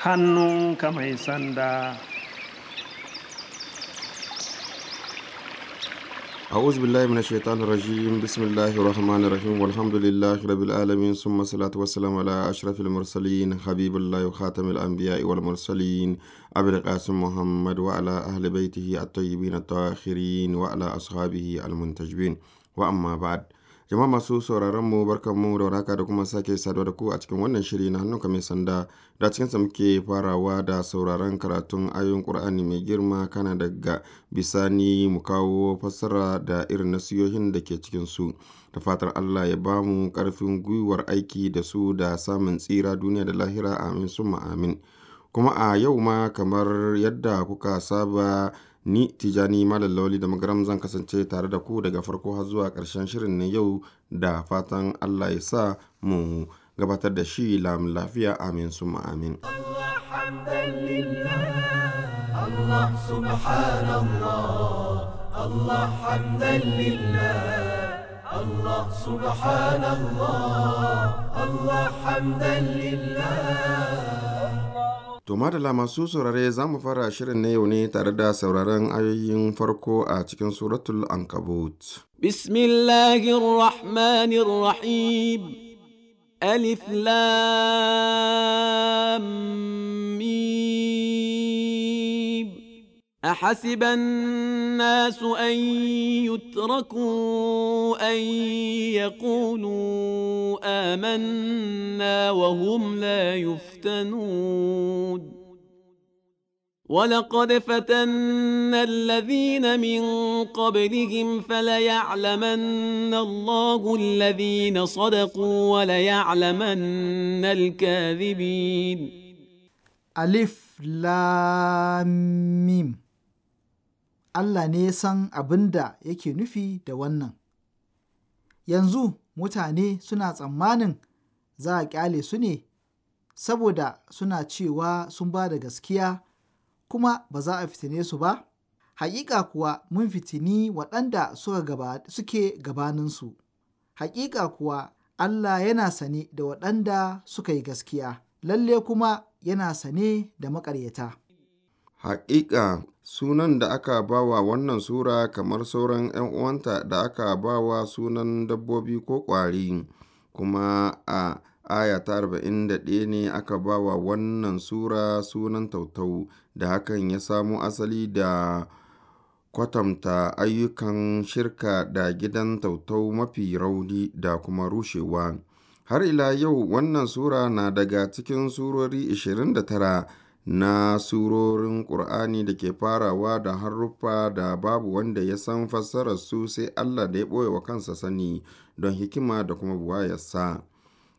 ka mai sanda أعوذ بالله من الشيطان الرجيم بسم الله الرحمن الرحيم والحمد لله رب العالمين ثم الصلاة والسلام على أشرف المرسلين حبيب الله وخاتم الأنبياء والمرسلين أبي القاسم محمد وعلى أهل بيته الطيبين الطاهرين وعلى أصحابه المنتجبين وأما بعد jama masu sauraron mu barkan mu da warhaka da kuma sake saduwa da ku a cikin wannan shiri na hannunka mai sanda da cikin sa muke farawa da sauraron karatun ayoyin Qur'ani mai girma kana daga bisani mu kawo fassara da irin nasiyohin da ke cikin su. Da fatar Allah ya ba mu karfin gwiwar aiki da su da samun tsira duniya da lahira amin summa amin. Kuma a yau ma kamar yadda kuka saba Ni Tijani Malam lawali da Magaram zan kasance tare da ku daga farko har zuwa ƙarshen shirin na yau da fatan Allah ya sa mu gabatar da shi lam lafiya amin su amin. To lama masu saurare za mu fara shirin na yau ne tare da sauraron ayoyin farko a cikin suratul ankabut. Rahim Alif Lam أحسب الناس أن يتركوا أن يقولوا آمنا وهم لا يفتنون ولقد فتنا الذين من قبلهم فليعلمن الله الذين صدقوا وليعلمن الكاذبين ألف لام ميم Allah ne ya san abin da yake nufi da wannan. Yanzu mutane suna tsammanin za a ƙyale su ne saboda suna cewa sun ba da gaskiya kuma ba za a fitine su ba? Haƙiƙa kuwa mun fitini waɗanda suke gabaninsu. Haƙiƙa kuwa Allah yana sane da waɗanda suka yi gaskiya, lalle kuma yana sane da maƙaryata. Hakika Sunan da aka ba wa wannan sura kamar sauran 'yan uwanta da aka ba wa sunan dabbobi ko ƙwari, kuma a aya ta ne aka ba wa wannan sura sunan Tautau, da hakan ya samo asali da kwatamta ayyukan shirka da gidan Tautau mafi rauni da kuma rushewa. Har ila yau wannan sura na daga cikin surori 29 na surorin Ƙur'ani da ke farawa da haruffa da babu wanda ya san su sai Allah da ya ɓoye wa kansa sani don hikima da kuma buwayarsa.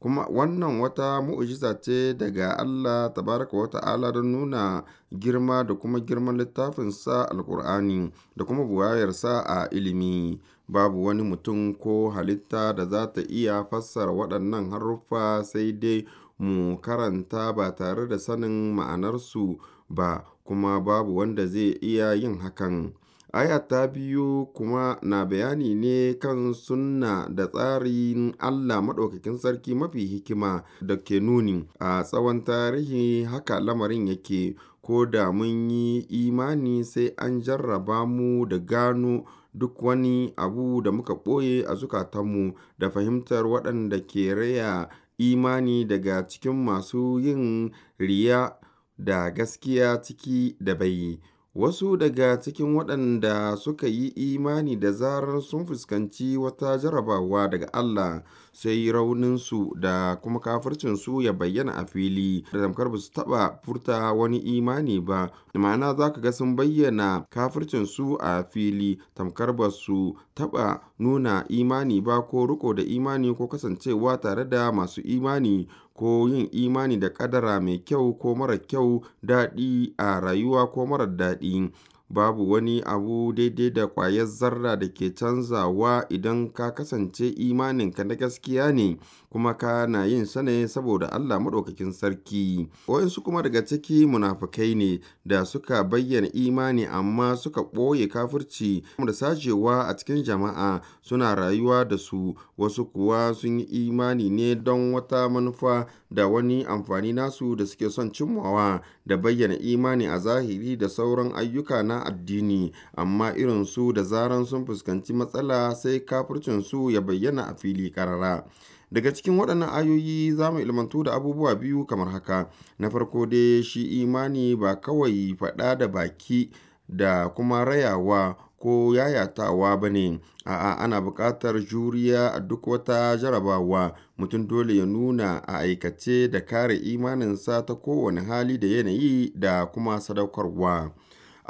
Kuma wannan wata mu'ujiza ce daga Allah tabaraka wa ta'ala don nuna girma da kuma girman littafinsa alƙur'ani da kuma buwayarsa a ilimi. Babu wani mutum ko halitta da za ta iya fassara waɗannan haruffa sai dai mu karanta ba tare da sanin ma'anarsu ba kuma babu wanda zai iya yin hakan. Aya ta biyu kuma na bayani ne kan sunna da tsarin Allah Maɗaukakin Sarki mafi hikima da ke nuni a tsawon tarihi haka lamarin yake ko da mun yi imani sai an jarraba mu da gano duk wani abu da muka ɓoye a zukatanmu da fahimtar waɗanda ke raya imani daga cikin masu yin riya da gaskiya ciki da bai. Wasu daga cikin waɗanda suka yi imani da zarar sun fuskanci wata jarabawa daga Allah sai rauninsu da kuma kafircinsu ya bayyana a fili da tamkar ba su taɓa furta wani imani ba ma'ana za ka ga sun bayyana kafircinsu a fili tamkar ba su taɓa nuna imani ba ko riko da imani ko kasancewa tare da masu imani ko yin imani da kadara mai kyau ko mara kyau daɗi a rayuwa ko mara daɗi babu wani abu daidai da ƙwayar zarra da ke canzawa idan ka kasance imaninka na gaskiya ne kuma kana yin sa ne saboda Allah maɗaukakin sarki. Waɗansu kuma daga ciki munafukai ne da suka bayyana imani amma suka ɓoye kafirci da sajewa a cikin jama'a suna rayuwa da su wasu kuwa sun yi imani ne don wata manufa da wani amfani nasu da suke son cimmawa da bayyana imani a zahiri da sauran ayyuka na na addini, amma irin su da zaran sun fuskanci matsala sai kafircin su ya bayyana a fili karara Daga cikin waɗannan ayoyi za mu ilmantu da abubuwa biyu kamar haka, na farko dai shi imani ba kawai faɗa da baki da kuma rayawa ko yayatawa ba ne, a'a ana buƙatar juriya a duk wata jarabawa, mutum dole ya nuna a aikace da kare imaninsa ta kowane hali da yanayi da kuma sadaukarwa.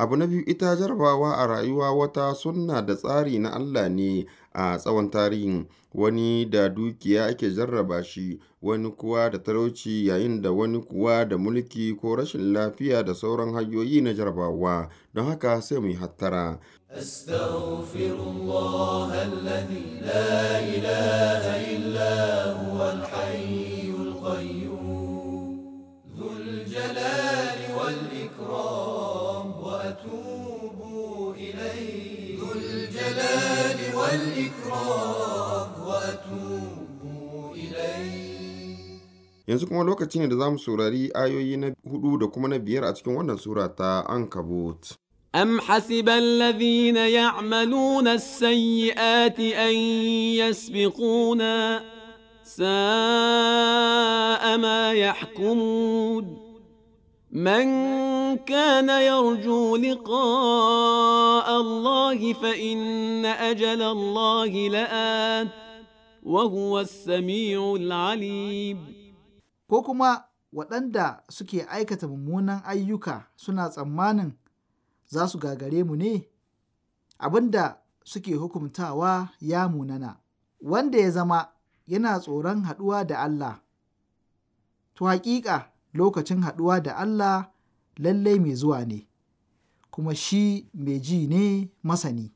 Abu na biyu ita jarabawa a rayuwa wata sunna da tsari na Allah ne a tsawon tarihin, wani da dukiya ake jarraba shi, wani kuwa da talauci yayin da wani kuwa da mulki ko rashin lafiya da sauran hanyoyi na jarabawa, don haka sai mu yi hattara. Astaghfirullah alladhi la ilaha illa huwa kuma lokaci ne da za mu saurari ayoyi na hudu da kuma na biyar a cikin wannan sura ta Ankabut. أم حسب الذين يعملون السيئات أن يسبقونا ساء ما يحكمون من كان يرجو لقاء الله فإن أجل الله لآت وهو السميع العليم ko kuma waɗanda suke aikata mummunan ayyuka suna tsammanin za su gagare mu ne abin da suke hukumtawa ya munana wanda ya zama yana tsoron haɗuwa da Allah to haƙiƙa lokacin haɗuwa da Allah lallai mai zuwa ne kuma shi mai ji ne masani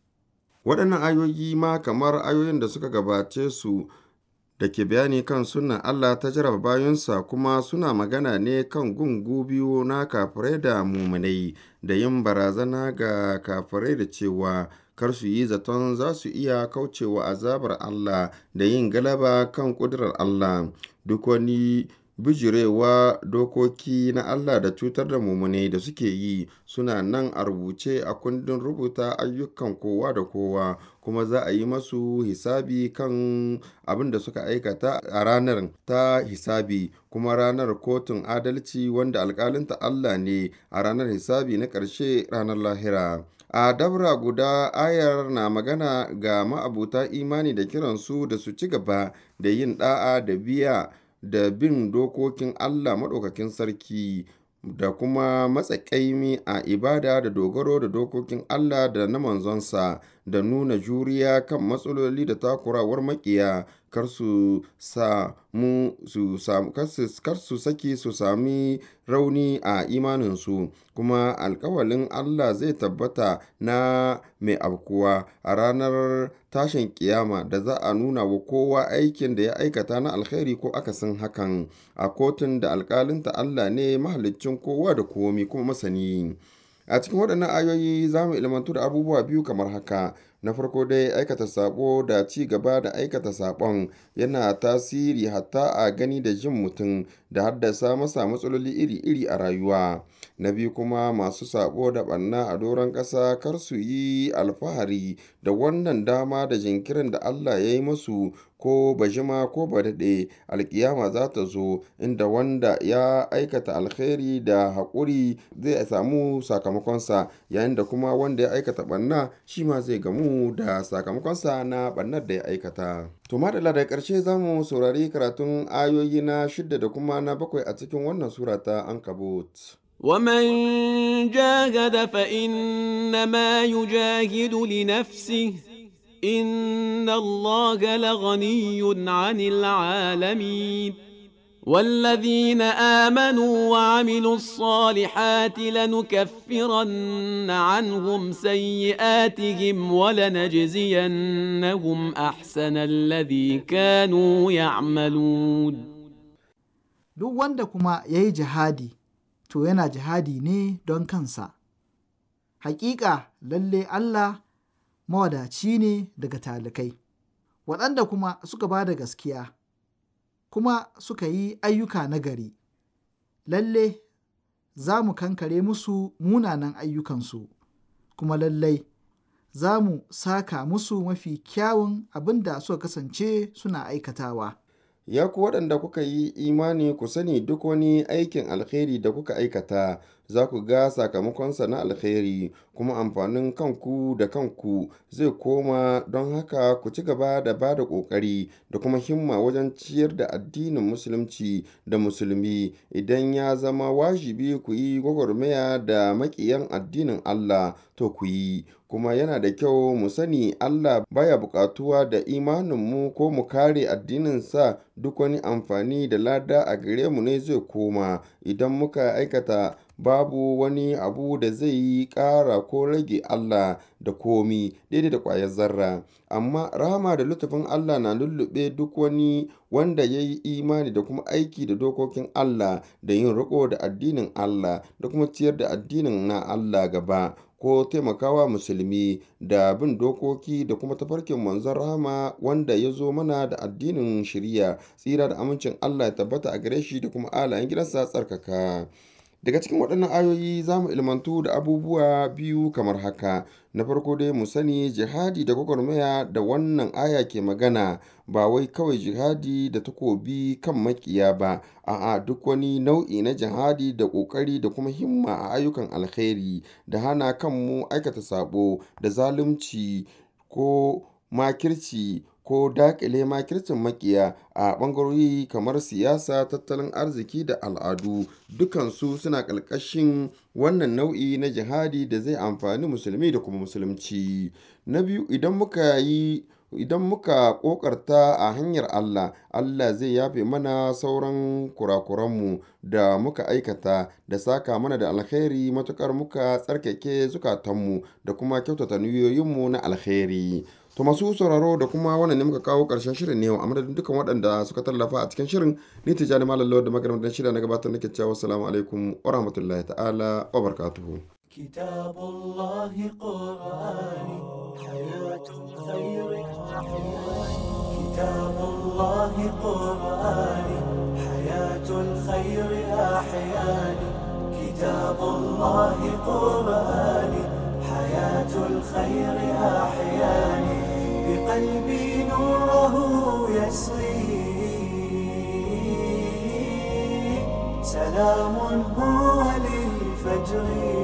waɗannan ayoyi ma kamar ayoyin da suka gabace su da ke bayani kan sunan Allah ta jarraba bayansa kuma suna magana ne kan gungu biyu na kafirai da mumunai da yin barazana ga kafirai da cewa kar su yi zaton za su iya kaucewa azabar Allah da yin galaba kan ƙudurar Allah duk wani bijirewa dokoki na Allah da cutar da mumune da suke yi suna nan a rubuce a kundin rubuta ayyukan kowa da kowa kuma za a yi masu hisabi kan abin da suka aikata a ranar ta hisabi kuma ranar kotun adalci wanda alkalinta Allah ne a ranar hisabi na ƙarshe ranar lahira. A dabra guda ayar na magana ga ma'abuta imani da kiransu da su ci gaba da yin ɗa'a da biya da bin dokokin Allah maɗaukakin sarki da kuma matsakaimi a ibada da dogaro da dokokin Allah da na manzonsa da nuna juriya kan matsaloli da takurawar maƙiya kar su saki su sami rauni a imaninsu kuma alkawalin Allah zai tabbata na mai abkuwa a ranar tashin kiyama da za a nuna wa kowa aikin da ya aikata na alkhairi ko akasin hakan a kotun da alkalinta Allah ne mahaliccin kowa da komi kuma masani A cikin waɗannan ayoyi za mu ilmantu da abubuwa biyu kamar haka. Na farko dai aikata sabo da ci gaba da aikata saɓon yana tasiri hatta a gani da jin mutum da haddasa masa matsaloli iri-iri a rayuwa. Na biyu kuma masu sabo da ɓanna a doron ƙasa kar su yi alfahari da wannan dama da jinkirin da Allah ya yi masu ko ba ko ba daɗe alkiyama za ta zo inda wanda ya aikata alkhairi da haƙuri zai samu sakamakonsa yayin da kuma wanda ya aikata ɓanna shi ma zai gamu mu da sa na ɓannar da ya aikata. To da ƙarshe za mu saurari karatun ayoyi na shidda da kuma na bakwai a cikin wannan sura ta Ankabut. ومن جاهد فإنما يجاهد لنفسه إن الله لغني عن العالمين والذين آمنوا وعملوا الصالحات لنكفرن عنهم سيئاتهم ولنجزينهم أحسن الذي كانوا يعملون duk wanda kuma ya yi jihadi to yana jihadi ne don kansa hakika lalle Allah mawadaci ne daga talikai waɗanda kuma suka ba da gaskiya kuma suka yi ayyuka nagari, lalle za mu kankare musu munanan ayyukansu, kuma lallai za mu saka musu mafi kyawun abin da suka kasance suna aikatawa. Ya ku waɗanda kuka yi imani ku sani duk wani aikin alheri da kuka aikata za ku ga sakamakonsa na alkhairi kuma amfanin kanku da kanku zai koma don haka ku ci gaba da ba da ƙoƙari da kuma himma wajen ciyar da addinin musulunci da musulmi idan ya zama wajibi ku yi gwagwarmaya da maƙiyan addinin Allah to ku yi kuma yana da kyau mu sani Allah baya buƙatuwa da imaninmu ko mu kare addinin sa duk wani amfani da lada a gare mu ne zai koma idan muka aikata babu wani abu da zai yi ƙara ko rage Allah da komi daidai da ƙwayar zarra amma rahama da lutufin Allah na lulluɓe duk wani wanda ya yi imani da kuma aiki da dokokin Allah da yin riƙo da addinin Allah da kuma ciyar da addinin na Allah gaba ko taimakawa musulmi da bin dokoki da kuma tafarkin manzon rahama wanda ya zo mana da addinin shiriya tsira da amincin Allah ya tabbata a gare shi da kuma alayen gidansa tsarkaka. Daga cikin waɗannan ayoyi za mu ilmantu da abubuwa biyu kamar haka, na farko dai mu sani jihadi da gwagwarmaya da wannan aya ke magana ba wai kawai jihadi da takobi kan maƙiya ba, a'a duk wani nau'i na jihadi da ƙoƙari da kuma himma a ayyukan alkhairi da hana kanmu aikata saɓo da zalunci ko makirci ko daƙile makircin maƙiya a ɓangarori kamar siyasa, tattalin arziki da al'adu, dukansu suna ƙarƙashin wannan nau'i na jihadi da zai amfani musulmi da kuma musulunci. Na biyu, idan muka yi idan muka ƙoƙarta a hanyar Allah, Allah zai yafe mana sauran kurakuranmu da muka aikata da saka mana da alkhairi matukar muka tsarkake zukatanmu da kuma kyautata niyyoyinmu na alkhairi. To masu sauraro da kuma wannan ne muka kawo ƙarshen shirin ne a madadin dukkan waɗanda suka tallafa a cikin shirin ni Tijjani Malam Lawal da makarantar shirya na gabatar nake cewa assalamu alaikum wa rahmatullahi ta'ala wa barakatuhu. كتاب الله قرآني حياة خير التحيات كتاب الله قرآني حياة الخير أحياني كتاب الله قرآني حياة الخير أحياني سلام هو للفجر